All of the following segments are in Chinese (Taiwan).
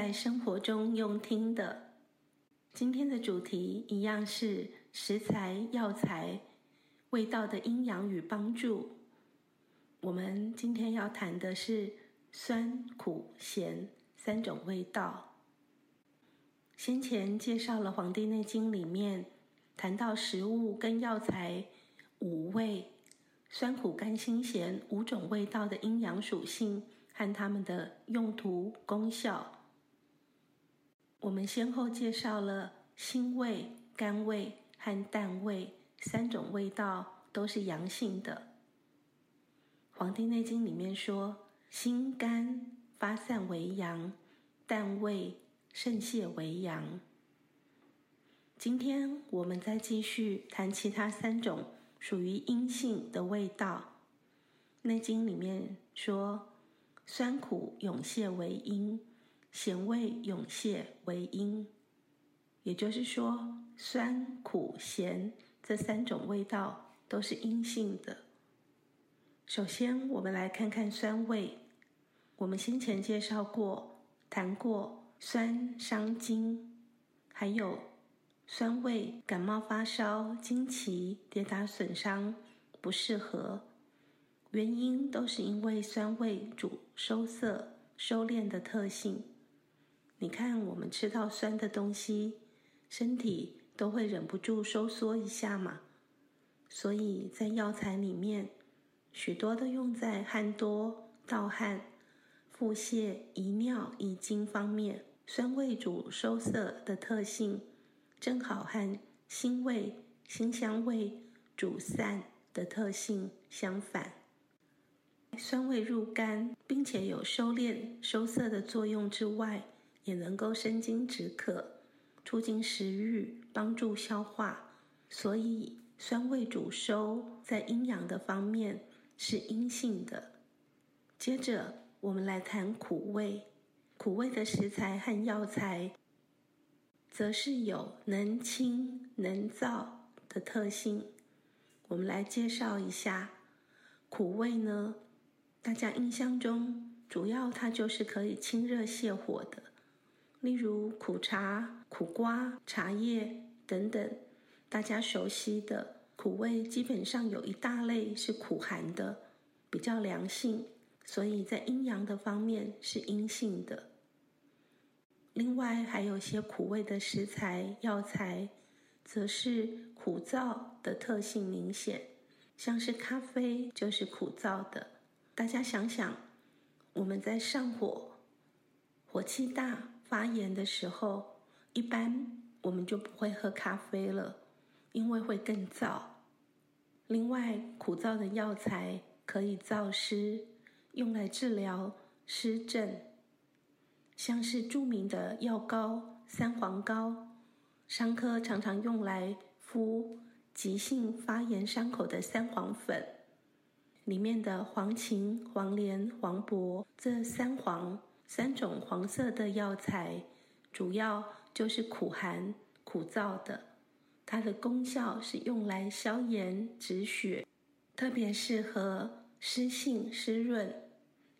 在生活中用聽的，今天的主題一樣是食材、藥材、味道的陰陽與幫助。我們今天要談的是酸、苦、鹹三種味道。先前介紹了《黃帝內經》裡面談到食物跟藥材五味酸、苦、甘、辛、鹹五種味道的陰陽屬性和它們的用途功效。我們先後介紹了辛味、甘味和淡味三種味道，都是陽性的。《黃帝內經》裡面說，辛甘發散為陽，淡味滲泄為陽。今天，我們再繼續談其他三種屬於陰性的味道。《內經》裡面說，酸苦湧泄為陰。鹹味湧泄為陰，也就是說，酸、苦、鹹這三種味道都是陰性的。首先，我們來看看酸味。我們先前介紹過，談過酸傷筋，還有酸味感冒發燒、經期、跌打損傷不適合，原因都是因為酸味主收澀、收斂的特性。你看，我們吃到酸的東西，身體都會忍不住收縮一下嘛。所以在藥材裡面，許多都用在汗多、盜汗、腹瀉、遺尿、遺精方面。酸味主收澀的特性，正好和辛味、辛香味主散的特性相反。酸味入肝，並且有收斂、收澀的作用之外。也能夠生津止渴，促進食欲，幫助消化。所以酸味主收，在陰陽的方面是陰性的。接着我們來談苦味，苦味的食材和藥材，則是有能清能燥的特性。我們來介紹一下苦味呢，大家印象中主要它就是可以清熱瀉火的。例如苦茶、苦瓜、茶葉等等，大家熟悉的苦味，基本上有一大類是苦寒的，比較涼性，所以在陰陽的方面是陰性的。另外，還有些苦味的食材、藥材，則是苦燥的特性明顯，像是咖啡就是苦燥的。大家想想，我們在上火，火氣大。發炎的時候，一般我們就不會喝咖啡了，因為會更燥。另外，苦燥的藥材可以燥濕，用來治療濕症，像是著名的藥膏三黃膏，傷科常常用來敷急性發炎傷口的三黃粉，裡面的黃芩、黃連、黃柏這三黃。三種黃色的藥材，主要就是苦寒、苦燥的。它的功效是用來消炎止血，特別適合濕性、濕潤，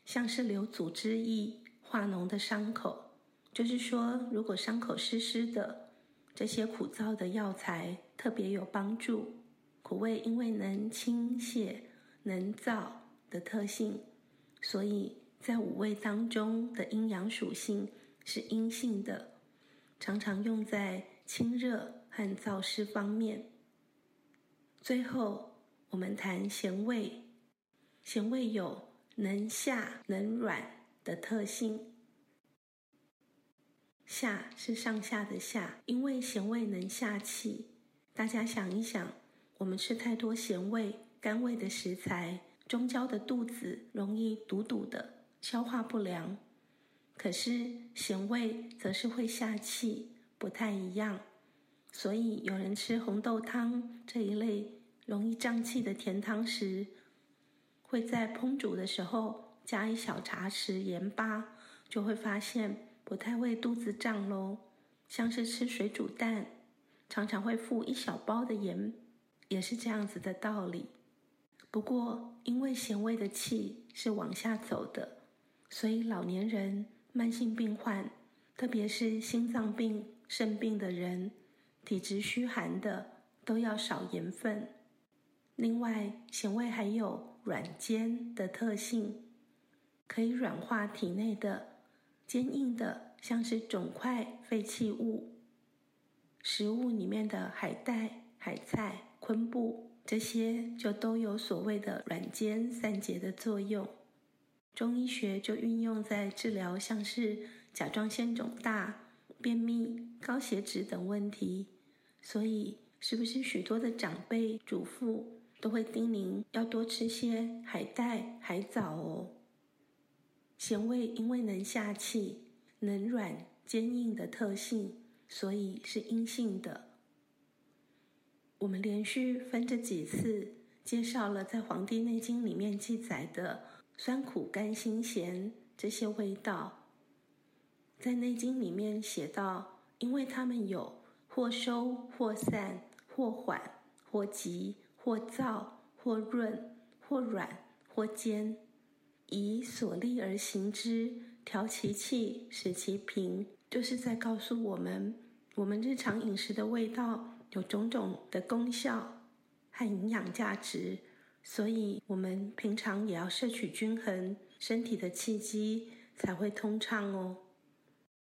像是流組織液、化膿的傷口。就是說，如果傷口濕濕的，這些苦燥的藥材特別有幫助。苦味因為能清泄、能燥的特性，所以，在五味當中的陰陽屬性是陰性的，常常用在清熱和燥濕方面。最後，我們談鹹味，鹹味有能下能軟的特性。下是上下的下，因為鹹味能下氣。大家想一想，我們吃太多鹹味、甘味的食材，中焦的肚子容易堵堵的。消化不良，可是鹹味則是會下氣，不太一樣。所以有人吃紅豆湯這一類容易脹氣的甜湯時，會在烹煮的時候加一小茶匙鹽巴，就會發現不太會肚子脹咯，像是吃水煮蛋，常常會附一小包的鹽，也是這樣子的道理。不過，因為鹹味的氣是往下走的。所以，老年人、慢性病患，特別是心臟病、腎病的人，體質虛寒的，都要少鹽分。另外，鹹味還有軟堅的特性，可以軟化體內的堅硬的，像是腫塊、廢棄物。食物裡面的海帶、海菜、昆布這些，就都有所謂的軟堅散結的作用。中醫學就運用在治療像是甲狀腺腫大、便秘、高血脂等問題，所以是不是許多的長輩、主婦都會叮嚀要多吃些海帶、海藻哦？鹹味因為能下氣、能軟堅硬的特性，所以是陰性的。我們連續分這幾次介紹了在《黃帝內經》裡面記載的。酸苦甘辛鹹這些味道，在《內經》裡面寫到，因為他們有或收或散或緩或急或燥或潤，或潤或軟或堅，以所利而行之，調其氣，使其平，就是在告訴我們，我們日常飲食的味道有種種的功效和營養價值。所以，我們平常也要攝取均衡，身體的氣機才會通暢哦。